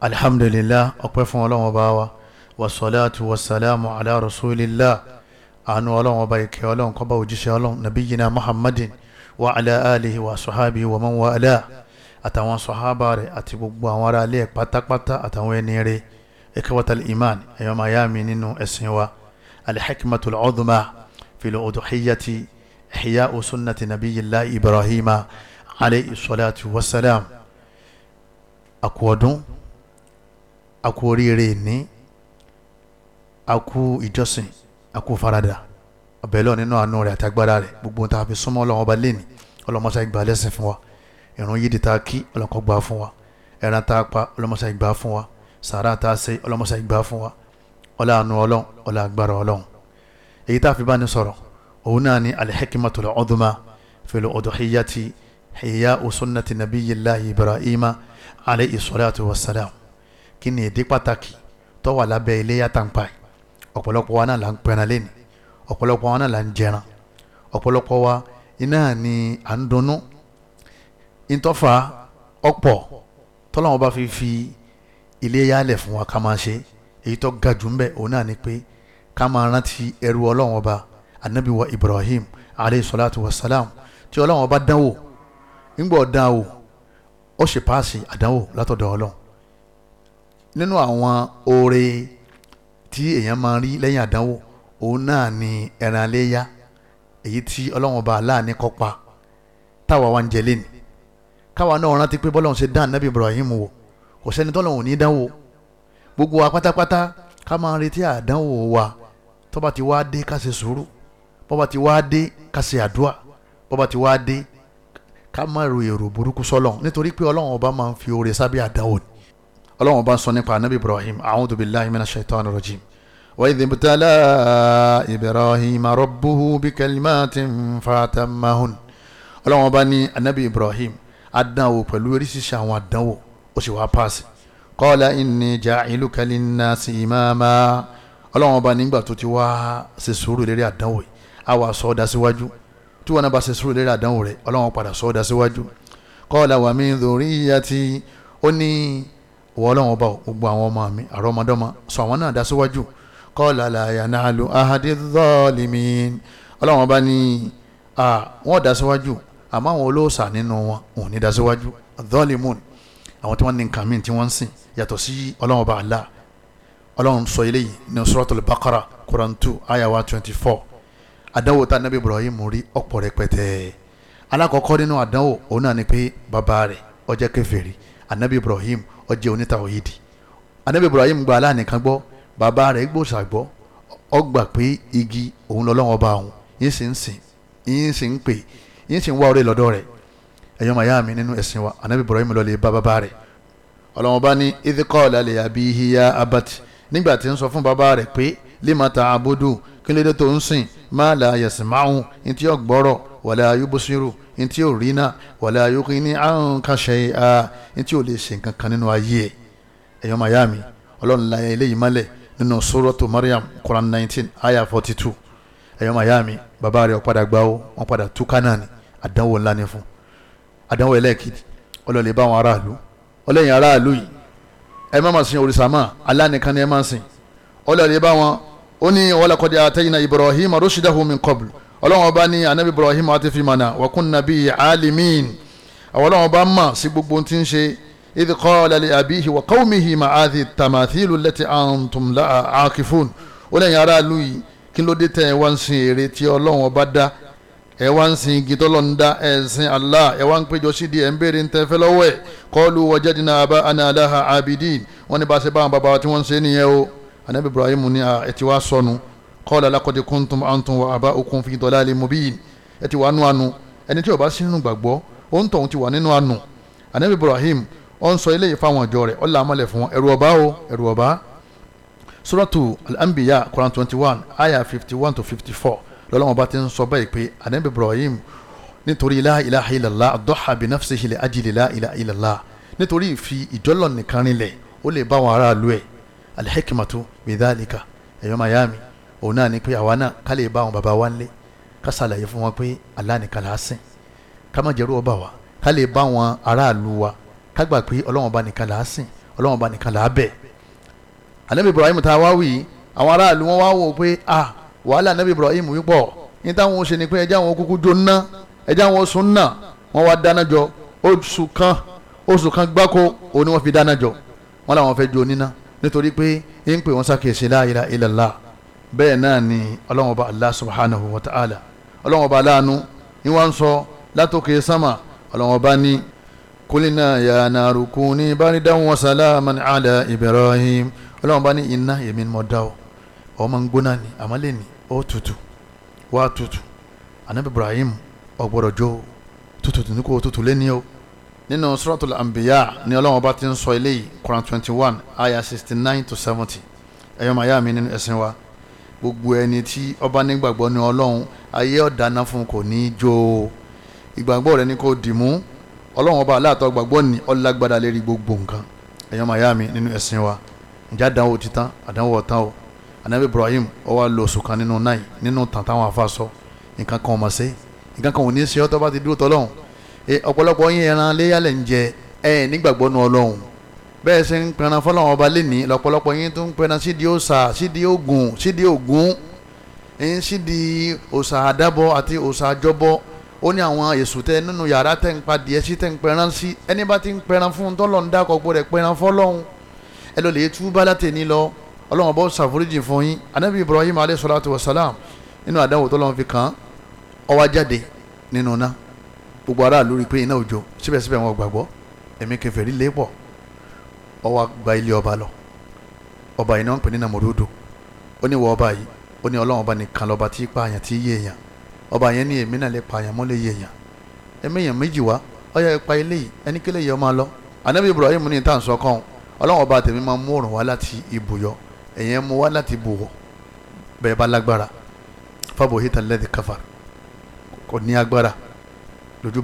alhamdulillah ọpẹ́ fún ọlọ́run ọba wa wasalaatu wasalaamu ala rasulillah àánú ọlọ́run ọba ìkẹ́ ọlọ́run kọ́ba òjíṣẹ́ ọlọ́run nabiyina muhammadin wa ala alihi wa sahabi wa man wa ala àtàwọn sahaba rẹ̀ àti gbogbo àwọn ará ilé pátápátá àtàwọn ẹni rẹ̀ ikhwatal iman ẹ̀yọ́ máa yá mi nínú ẹ̀sìn wa alhikmatul udhma fil udhiyati ihya sunnati nabiyillah ibrahima alayhi salatu wasalam àkọ́dún a kú oríire ní a kú ìjọsìn a kú farada ọbẹ̀ lọ nínú àánú rẹ̀ àti agbára rẹ̀ gbogbo ohun tá a fi súnmọ́ ọlọ́run ọba lẹ́ni ọlọ́mọṣá ìgbà lẹ́sìn fún wa ìrun yídi tá a kí ọlọ́kọ̀ gbà fún wa ẹran tá a pa ọlọ́mọṣá ìgbà fún wa sàárà tá a ṣe ọlọ́mọṣá ìgbà fún wa ọlá àánú ọlọ́run ọlá agbára ọlọ́run èyí tá a fi bá ní sọ̀rọ̀ òun náà ni alhikimatul udhma fil udhiyati hiya sunnati nabiyillahi ibrahima alayhi salatu wassalam kí ni èdè pàtàkì tó wà lábẹ́ iléyà tá n pa yìí ọ̀pọ̀lọpọ̀ wa náà là ń pẹran lẹ́nu ọ̀pọ̀lọpọ̀ wa náà là ń jẹran ọ̀pọ̀lọpọ̀ wa iná ni à ń dunnú ìtọ́fà ọ̀pọ̀ tọ́lọ́wọ́n bá fi fi iléyà lẹ̀ fún wa ká máa ṣe èyí tó ga jù ń bẹ̀ òun náà ni pé ká máa rántí ẹrú ọlọ́wọ́n ọba anabi Ibrahim alayhi salatu wa salam tí ọlọ́wọ́n ọba dánwò ńgbọ́ dánwò ó ṣe páàsì àdánwò látọ̀dọ̀ ọlọ́run nínú àwọn oore tí èèyàn máa rí lẹ́yìn àdánwò òun náà ni ẹran léyà èyí tí ọlọ́run ọba aláàánú kọ́pa táwa wa ń jẹ lẹ́nu káwa náà rántí pé bọ́lọ́run ṣe dán nábì Ibrahim wò kò sẹ́ni tọ́lọ́run ò ní dánwò gbogbo wa pátápátá ká máa retí àdánwò wa tó bá ti wá dé ká ṣe sùúrù bó ti wá dé ká ṣe àdúrà bó ti wá dé ká má ro èrò burúkú sọ́lọ́run nítorí pé ọlọ́run ọba máa ń fi oore sábẹ́ àdánwò ni ọlọ́run bá ń sọ nípa anabi ibrahim a'udhu billahi minash shaitani rajim wa idh ibtala ibrahim rabbuhu bi kalimatin fatammahun ọlọ́run bá ní anabi ibrahim adánwò pẹ̀lú oríṣiríṣi àwọn adánwò ó sì wá paasi qala inni ja'iluka linnasi imama ọlọ́run bá nígbà tó ti wá ṣe sùúrù lérí adánwò yìí a wà sọ ọ́ dá síwájú tí wọn bá ṣe sùúrù lérí àdánwò rẹ ọlọ́wọ́n padà sọ ọ́ dá síwájú kọ́ọ̀lá wa min dhurriyyati ó ní wọ́n ọlọ́run ọba gbogbo àwọn ọmọ mi àrọ́mọdọ́mọ sọ àwọn náà dasíwájú kọ́ọ̀lá làyà náà lu ahadi zọ́ọ̀lìmí ọlọ́run ọba ní wọ́n dasíwájú àmọ́ àwọn olóòṣà nínú wọn òun ní dasíwájú zọ́ọ̀lìmù àwọn tí wọ́n ní nǹkan míì tí wọ́n ń sìn yàtọ̀ sí ọlọ́run ọba àlá ọlọ́run sọ eléyìí ní suratul baqara quran two aya one twenty four àdánwò tá nabi ibrahim rí ọ̀pọ̀ rẹpẹtẹ alákọ̀ọ́kọ́ nínú àdánwò òun náà ni pé bàbá rẹ̀ ó jẹ́ kèfèrí anabi ibrahim ó jẹ́ onítàwọ̀yìdì anabi ibrahim gba Allah nìkan gbọ́ bàbá rẹ̀ gbòòsà gbọ́ ó gbà pé igi òun lọ́lọ́wọ́ bá òun yín sì ń sìn yín sì ń pè yín sì ń wá ọ̀rẹ́ lọ́dọ̀ rẹ̀ ẹ̀yọ́ màyá mi nínú ẹ̀sìn wa anabi ibrahim lọ lè bá bàbá rẹ̀ ọlọ́wọ́n bá ní idikọ́ọ̀lá lè àbí hiya abati nígbà tí ń sọ fún bàbá rẹ̀ pé lima abudu kí tó ń sìn má la yẹ̀sìn máa ń tí ó gbọ́rọ̀ wàlẹ́ ayúbọ̀sírù n tí yóò rí náà wala yughni anka shay'a n tí yóò lè ṣe nǹkan kan nínú ayé ẹ̀ ẹ̀yọ́ mayami ọlọ́run la eléyìí mọ́lẹ̀ nínú suratu Maryam Quran nineteen aya forty two ẹ̀yọ́ mayami bàbá rẹ̀ ọ̀padà gbà ó wọ́n padà tú kánà ni àdánwò ńlá ni fún àdánwò ẹlẹ́ẹ̀kejì ọlọ́ọ̀lẹ́ bá àwọn aráàlú ọlẹ́yìn aráàlú yìí ẹ má máa sin òrìṣà máa alánìkan ni ẹ máa sin ọlọ́ọ̀lẹ́ bá wọn ó ní walaqad atayna Ibrahima rushdahu min qablu ọlọ́run ọba ní anabi ibrahim àti fimana wakun nabi alimin àwọn ọlọ́run ọba mà sí gbogbo tí ń ṣe idh qala li abihi wa qawmihi ma'adhi tamathilu lati antum la akifun ó lẹ́yìn aráàlú yìí kí ló dé tẹ́ ẹ wá ń sin èrè tí ọlọ́run ọba dá ẹ wá ń sin igi tọ́lọ̀ ń dá ẹ sin Allah ẹ wá ń péjọ sídìí ẹ ń béèrè ń tẹ́fẹ́ lọ́wọ́ ẹ̀ qalu wajadna aba'ana laha abidin qala laqad kuntum antum wa aba'ukum fi dalalin mubin ẹ ti wà nù ànú ẹni tí ó bá sí nínú gbàgbọ́ ó ń tọ̀hún ti wà nínú ànú anabi ibrahim ó ń sọ eléyìí fáwọn ọjọ́ rẹ̀ ó là á mọ́lẹ̀ fún wọn ẹ̀rù ọba o ẹ̀rù ọba suratu al-anbiya quran twenty one ayah fifty one to fifty four lọ́lọ́wọ́n bá ti ń sọ báyìí pé anabi ibrahim nítorí la ilaha illallah dọ́ha bi nafsihi li ajli la nítorí ìfi òun náà ni pé àwa náà ká lè bá àwọn bàbá wa ńlé ká ṣàlàyé fún wọn pé Allah nìkan là á sìn ká má jẹ́rú ọba wa ká lè bá àwọn aráàlú wa ká gbà pé Ọlọ́run ọba nìkan là á sìn Ọlọ́run ọba nìkan là á bẹ̀. Ànábì Ibrahim tá a wá wì í àwọn aráàlú wọn wá wò pé ah wàhálà Ànábì Ibrahim wípọ̀ ní táwọn ó ni pé ẹjẹ́ àwọn kúkú jóná ẹjẹ́ àwọn sùn náà wọ́n wá dáná jọ oṣù kan oṣù kan gbáko òun ni wọ́n fi dáná jọ wọ́n làwọn fẹ́ jó nítorí pé ń pè wọ́n sákèsí la ilaha illallah bẹ́ẹ̀ náà ni ọlọ́run ọba allah subhanahu wa ta'ala ọlọ́run ọba aláàánú ni wọ́n ń sọ látòkè sámà ọlọ́run ọba ní kólínà ya naru kuni baridan wa salaman ala ibrahim ọlọ́run ọba ní iná èmi ni mo dá o ọmọ ń gbóná ni àmọ́lẹ̀ ni ó tutù wá tutù anabi ibrahim ọgbọ́dọ̀ jó tutù tún kó tutù lẹ́ni o nínú suratul anbiya ni ọlọ́run ọba ti ń sọ eléyìí Quran twenty one ayah sixty nine to seventy ẹ̀yọ́ màá mi nínú ẹ̀sìn wa gbogbo ẹni tí ọba nígbàgbọ́ ní ọlọ́run ayé ọ̀dáná fún kò ní í jó o ìgbàgbọ́ rẹ ni kò dì mú ọlọ́run ọba aláàtọ̀ gbàgbọ́ ní ọlágbádá lérí gbogbo nǹkan ẹ̀yọ́ màyá mi nínú ẹ̀sìn wa ǹjẹ́ àdánwò ti tán àdánwò ọ̀tán o anabi ibrahim ó wá lọ oṣù kan nínú náì nínú tàn táwọn afa sọ nǹkan kan ọmọ sí nǹkan kan ò ní í ṣe ọtọ́ bá ti dúró tọ́lọ́run ọ̀pọ̀lọpọ̀ yín bẹ́ẹ̀ ṣe ń pẹran fọlọ́wọn ọba lẹ́ni lọ́pọ̀lọpọ̀ yín tó ń pẹran sídìí òòṣà sídìí ògùn sídìí ògùn ẹ̀yìn sídìí òòṣà àdábọ̀ àti òòṣà àjọbọ ó ní àwọn èṣù tẹ nínú yàrá tẹ ń pa díẹ̀ sí tẹ ń pẹran sí ẹni bá ti ń pẹran fún un tọ́lọ̀ ń dákọ̀ gbọ́dọ̀ pẹran fọlọ́hún ẹ lọ lè tú bálàtẹ̀ ní lọ ọlọ́wọ́n bọ́ ṣàforíjì fún yín anábì Ibrahim alayhi salatu wa salam nínú àdáwò tọ́lọ́wọ́n fi kàn án ó wá jáde nínú náà gbogbo aráàlú rí i pé iná òjò síbẹ̀síbẹ̀ wọn gbàgbọ́ ẹ̀mí kẹfẹ́ rí lé pọ̀ ó wá gba ilé ọba lọ ọba yìí náà ń pè ní nàmọdodo ó ní ìwọ ọba yìí ó ní ọlọ́run ọba nìkan lọ́ba tí pààyàn tí yé èèyàn ọba yẹn ní èmi náà lè pààyàn mọ́ lè yé èèyàn ẹ̀mí èèyàn méjì wá ọyọ ipa ilé yìí ẹni kí lè yẹ ọmọ lọ anabi ibrahim ní ìta nsọkàn ọlọ́run ọba tèmi máa mú òrùn wá láti ibùyọ èèyàn mú wá láti ibùwọ̀ bẹ́ẹ̀ bá lágbára fábọ̀ hita lẹ́dí káfà kò ní agbára lójú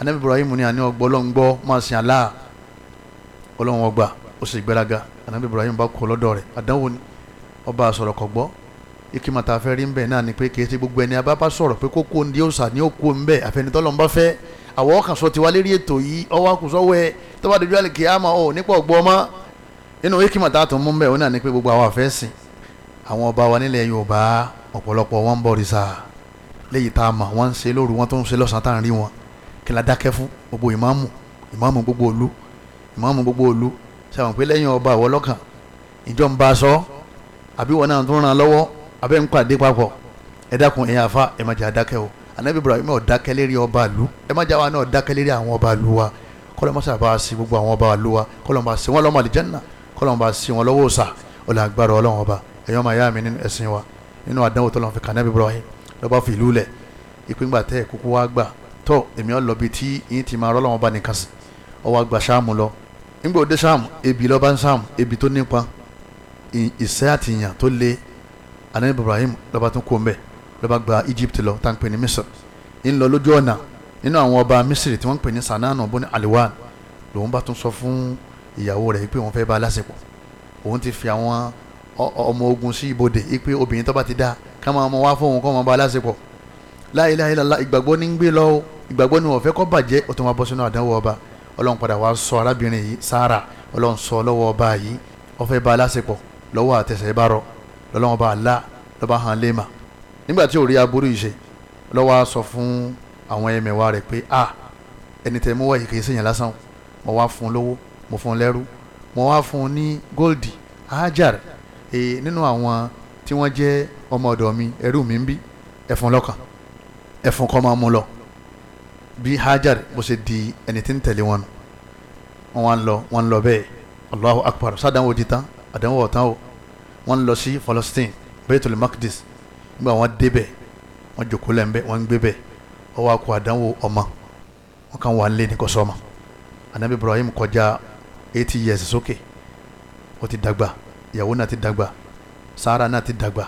anabi ibrahim ní àní ọgbọ́ ọlọ́ngbọ́ máa sin Allah ọlọ́run ọgbà ó sì gbéraga anabi ibrahim bá kú ọlọ́dọ̀ rẹ̀ àdánwò ni ọba àsọ̀rọ̀ kọ̀ gbọ́ ikima ta fẹ́ rí ń bẹ̀ náà ni pé kì í ṣe gbogbo ẹni abá bá sọ̀rọ̀ pé kókó ní òòsà ní òkú ń bẹ̀ àfẹnitọ́lọ́ ń fẹ́ àwọn ọkàn sọ tiwa lérí ètò yìí ọwọ́ àkùsọ́wọ́ ẹ tó dojú àlè kì í àmọ́ ọ nípa ọgbọ́n mọ́ inú ikima ta tún mú bẹ́ẹ̀ òun náà ni pé gbogbo àwọn àfẹ́sìn àwọn ọba wa nílẹ̀ yorùbá ọ̀pọ̀lọpọ̀ wọn ń bọ̀ rìsà léyìí tá a mọ̀ wọ́n ń ṣe lóru wọ́n tó ń ṣe lọ́sàn-án tá ń rí wọn kí la dákẹ́ fún gbogbo ìmáàmù ìmáàmù gbogbo òlu ìmáàmù gbogbo òlu sàwọn pé lẹ́yìn ọba àwọn ọlọ́kàn ìjọ ń bá a sọ àbí wọn náà tó ń ran lọ́wọ́ abẹ́ ń pàdé papọ̀ ẹ dákun ẹ̀yin àfa ẹ má jẹ́ àdákẹ́ o anabi ibrahim náà dákẹ́ lérí ọba ìlú ẹ má jẹ́ àwa náà dákẹ́ lérí àwọn ọba ìlú wa kọ́lọ́ mọ́sá bá a sí gbogbo àwọn ọba ìlú wa kọ́lọ́ bá a sí wọn lọ́mọ àlìjẹ́nà kọ́lọ́ bá a sí wọn lọ́wọ́ òòsà ọwọ́ àgbà lọ nígbà òde sam ebi lọ́ba sam ebi tó nípa ìṣẹ́ àtìyàn tó lé anabi ibrahim lọ́ba tó kú ọ̀nbẹ lọ́ba gba egypt lọ tá n pè ní misr ń lọ lójú ọ̀nà nínú àwọn ọba misr tí wọ́n ń pè ní sanana bóni aliwan lòun bá tún sọ fún ìyàwó rẹ̀ pé òun fẹ́ bá a lásìkò òun ti fi àwọn ọmọ ogun sí ibodè pé obìnrin tó bá ti dá ká máa wá fún òun kó máa bá a lásìkò láìláìlá ìgbàgbọ́ ní ń gbé lọ ìgbàgbọ́ ni wọ́n fẹ́ kó bàjẹ́ ó tún máa bọ́ sínú àdánwò ọba ọlọ́run padà wá sọ arábìnrin yìí sára ọlọ́run sọ lọ́wọ́ ọba yìí ọfẹ́ bá aláṣepọ̀ lọ́wọ́ àtẹ̀sẹ̀ bá rọ lọ́lọ́run bá la lọ́ba hàn léèmà nígbà tí ò aburú yìí ṣe lọ́wọ́ á sọ fún àwọn ẹ̀mẹ̀wá rẹ̀ pé a ẹni tẹ̀ mú wáyé kì í ṣèyàn lásán mo wá fún un lówó mo fún un lẹ́rú mo wá fún un ní góòdì hajar nínú àwọn tí wọ́n jẹ́ ọmọ ọ̀dọ̀ mi ẹrú mi ń bí ẹ̀fún lọ́kàn ẹ̀fún kọ́ máa mú lọ bí hajar bó ṣe di ẹni tí ń tẹ̀lé wọn wọn wá ń lọ wọn ń lọ bẹ́ẹ̀ allahu akbar sádánwó di tán àdánwò ọ̀tán o wọn ń lọ sí falastin baitul maqdis nígbà wọn débẹ̀ wọn jòkó lẹ́nbẹ̀ wọn ń gbé bẹ̀ wọn wá kó àdánwò ọmọ wọn kàn wà ń lé ní kọsọ́mọ anabi ibrahim kọjá eighty years sókè ó ti dàgbà ìyàwó náà ti dàgbà sahara náà ti dàgbà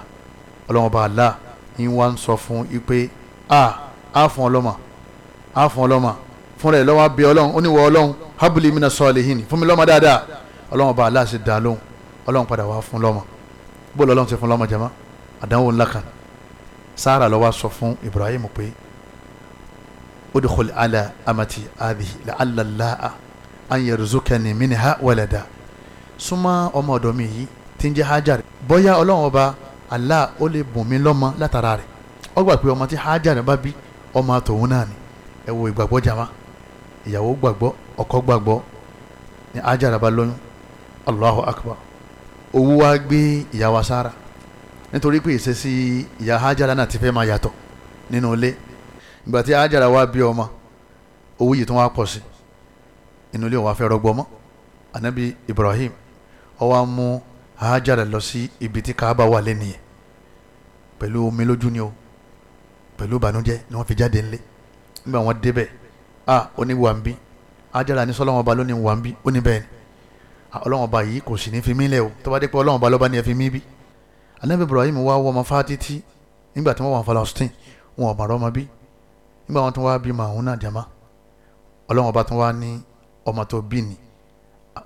ọlọ́wọ́n bá a la ń wá ń sọ fún a á fún á fún ọlọ́mà fúnra ẹ̀ lọ́wọ́ bí ọlọ́run ó ní wọ ọlọ́run habli mina salihin fún mi lọ́mọ dáadáa ọlọ́run ọba aláṣẹ dá lóhùn ọlọ́run padà wá fún lọ́mọ bó lọ́lọ́run ti fún lọ́mọ jama àdánwò ńlá kan sára lọ́wọ́ sọ fún Ibrahim pé udkhul ala amati adhihi la'alla Allaha an yarzuqani minha walada súnmọ́ ọmọ ọ̀dọ́ mi yìí tí ń jẹ́ Hajar bóyá ọlọ́run ọba Allah ó lè bùn mí lọ́mọ látara rẹ̀ ọgbà pé ọmọ tí Hajar bá bí ọmọ tòun náà ni ẹ wo ìgbàgbọ́ jama ìyàwó gbàgbọ́ ọkọ gbàgbọ́ ní Hajara bá lóyún Allahu Akbar owó wa gbé ìyàwó Sárà nítorí pé ìṣesí ìyá Hajara náà ti fẹ́ máa yàtọ̀ nínú ilé ìgbà tí Hajara wá bí ọmọ owó yìí tó wá pọ̀ sí inú ilé wa fẹ́ rọgbọ mọ́ anabi Ibrahim ó wá mú Hajara lọ sí ibi tí Kaaba wà lẹ́nìyẹn pẹ̀lú omi lójú ni o pẹ̀lú ìbànújẹ́ ni wọ́n fi jáde ńlẹ́ nígbà wọn débẹ̀ a ó ní wà ń bí ajára ní sọlọ́wọ́n ọba ló ní wà ń bí ni ọlọ́wọ́n ọba yìí kò sì ní fi mí lẹ̀ o tó bá dé pé ọlọ́wọ́n ọba ló ní ẹ mí bí anabi ibrahim wá wọ ọmọ fatiti nígbà tí wọ́n wà falastin wọn ò bàrọ̀ ọmọ nígbà wọn tún wá bí màhún náà jama ọlọ́wọ́n ọba tún wá ní ọmọ tó bí ni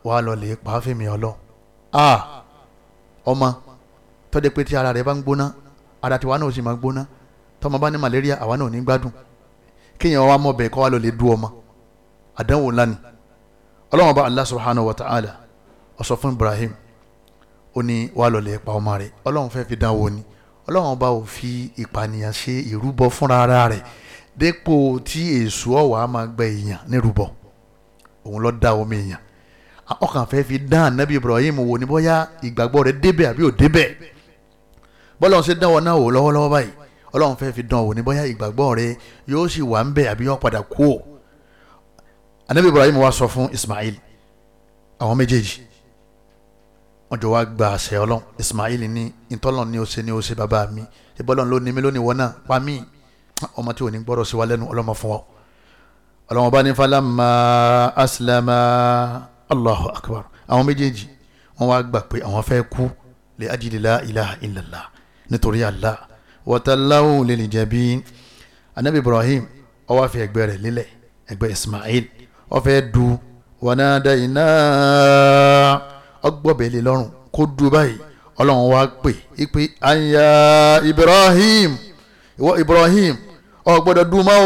wàá lọ lè pa á fèmí ọlọ́wọ́ a ọmọ tọ́jú pé tí ara rẹ̀ bá ń gbóná ara tiwa náà ò sì máa gbóná tọ́mọ bá ní malaria àwa náà ò ní gbádùn kéèyàn wá mọ̀ bẹ́ẹ̀ kọ́ wá lọ lè du ọmọ àdánwò ńlá ni ọlọ́wọ́n bá Allah subhanahu wa ta'ala ó sọ fún Ibrahim ó ní wá lọ lè pa ọmọ rẹ̀ ọlọ́wọ́n fẹ́ fi dánwò ni ọlọ́wọ́n bá ò fi ìpànìyàn ṣe ìrúbọ fúnra ara dépò tí èṣù ọ̀wà máa gbẹ èèyàn nírúbọ òun ló dá omi èèyàn ọkàn fẹ́ fi dán ànábì Ibrahim wò ní bóyá ìgbàgbọ́ rẹ̀ débẹ̀ àbí ò débẹ̀ bọ́lá ọ̀sẹ̀ dáwọ́ náà wò lọ́wọ́lọ́wọ́ báyìí ọlọ́run fẹ́ fi dán wò ní bóyá ìgbàgbọ́ rẹ yóò sì wà ń bẹ̀ àbí yóò padà kú o anabi ibrahim wa sọ fún ismail àwọn méjèèjì wọn jọ wá gba àṣẹ ọlọ́run ismail ní ìtọ́lọ́n ní o ṣe ní o ṣe bàbá mi ìbọ́lọ́n ló ní mi lónìí wọ́n náà pa mí ọmọ tí ò ní gbọ́dọ̀ sí wa lẹ́nu ọlọ́mọ fún wa ọlọ́run bá ní falama asilama allahu akbar àwọn méjèèjì wọn wá gbà pé àwọn fẹ́ kú lè ajílélá ilaha illallah nítorí allah wọ́tàláhùn lè lè jẹ̀bi anabi ibrahim ó wá fi ẹ̀gbẹ́ rẹ̀ lélẹ̀ ẹ̀gbẹ́ ismail ó fẹ́ du wọnádà iná ọgbọ̀bẹ̀lẹ̀ lọ́rùn kó du báyìí ọlọ́run wá pè é pé aya ibrahim ìwọ ibrahim ọ gbọ́dọ̀ o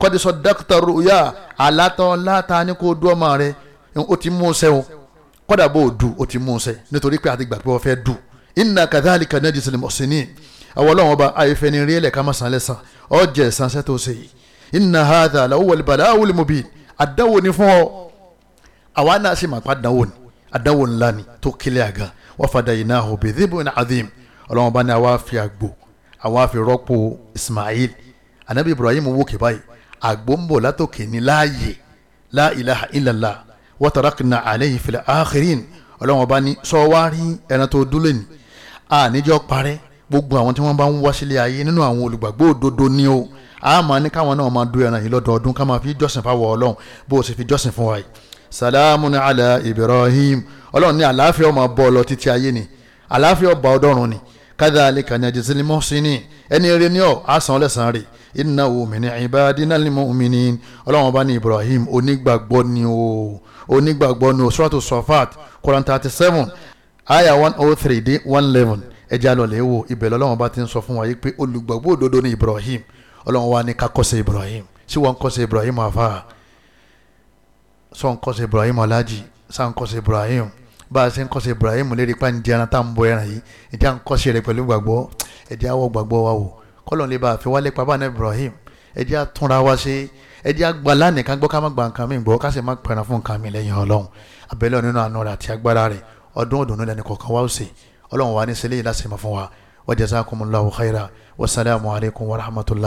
kọ́dí sọ dókítà rúyà àlátọ́ láta ní kó ọmọ rẹ o ti mú un o kọ́dà bó o o ti mú un nítorí pé àti gbàgbé wọn fẹ́ dù inna kadhalika najzil muhsinin àwọn ọlọ́run ọba àyèfẹ́ ni rí ẹlẹ̀ ká má san lẹ́sàn ọ jẹ́ ẹ̀sán sẹ́tò ṣe yìí inna hadha lawal bala'ul mubin àdáwò ni fún ọ àwa náà sì máa pa àdáwò ni àdáwò ńlá ni tó kílẹ̀ àga wa fadaynahu bidhibhin adhim ọlọ́run ọba ni àwa fi àgbò àwa fi rọ́pò Ismail anabi Ibrahim wò kí báyìí àgbò ń bọ̀ látòkè ní láàyè la ilaha illallah wa àníjọ́ parẹ́ gbogbo àwọn tí wọ́n bá ń wá sílé ayé nínú àwọn olùgbàgbọ́ òdodo ni o a ní káwọn náà máa do ẹran yìí lọ́dọọdún ká máa fi jọ́sìn fáwọn ọlọ́run bó o sì fi jọ́sìn fún wa yìí salamun ala ibrahim ọlọ́run ní àlàáfíà ọmọ bọ́ ọ lọ títí ayé ni àlàáfíà ọba ọdọ́run ni kadhalika najzil muhsinin ẹni eré ní ọ àsàn ọlẹ́sàn rẹ̀ innahu min ibadinal mu'minin ọlọ́run ọba ní ibrahim onígbàgbọ́ ni o onígbàgbọ́ ni o suratu safat Quran thirty seven aya one oh three dé one eleven ẹja lọlẹ́ wo ibẹ̀ lọ́lọ́run bá ti ń sọ fún wa yìí pé olùgbàgbọ́ òdodo ni Ibrahim ọlọ́run wa ní ká kọ́sẹ̀ Ibrahim sí wọn kọ́sẹ̀ Ibrahim afa sọ ń kọ́sẹ̀ Ibrahim alaji, sá ń kọ́sẹ̀ Ibrahim bá a ṣe ń kọ́sẹ̀ Ibrahim lérí pa ní jẹran tá à ń bọ ẹran yìí ìjà ń kọ́sẹ̀ rẹ̀ pẹ̀lú gbàgbọ́ ẹ̀jẹ̀ àwọ̀ gbàgbọ́ wa wò kọ́lọ́n lè bá a fi wálé pa báyìí Ibrahim ẹ̀jẹ̀ àtúnra wa ṣe ẹ̀jẹ̀ àgbà lánìí kan gbọ́ ká má gba nǹkan mi gbọ́ ká sì má pẹ̀ràn fún nǹkan mi lẹ́yìn ọlọ́run abẹ́lẹ́ nínú àánú rẹ̀ àti agbára rẹ̀ ọdún òdùnnú lẹ́nu kọ̀ọ̀kan wá ó sè ọlọ́run wa ní sẹ́lẹ̀ yìí lásìmọ̀ fún wa wa jazakumullahu khaira wasalaamu alaykum wa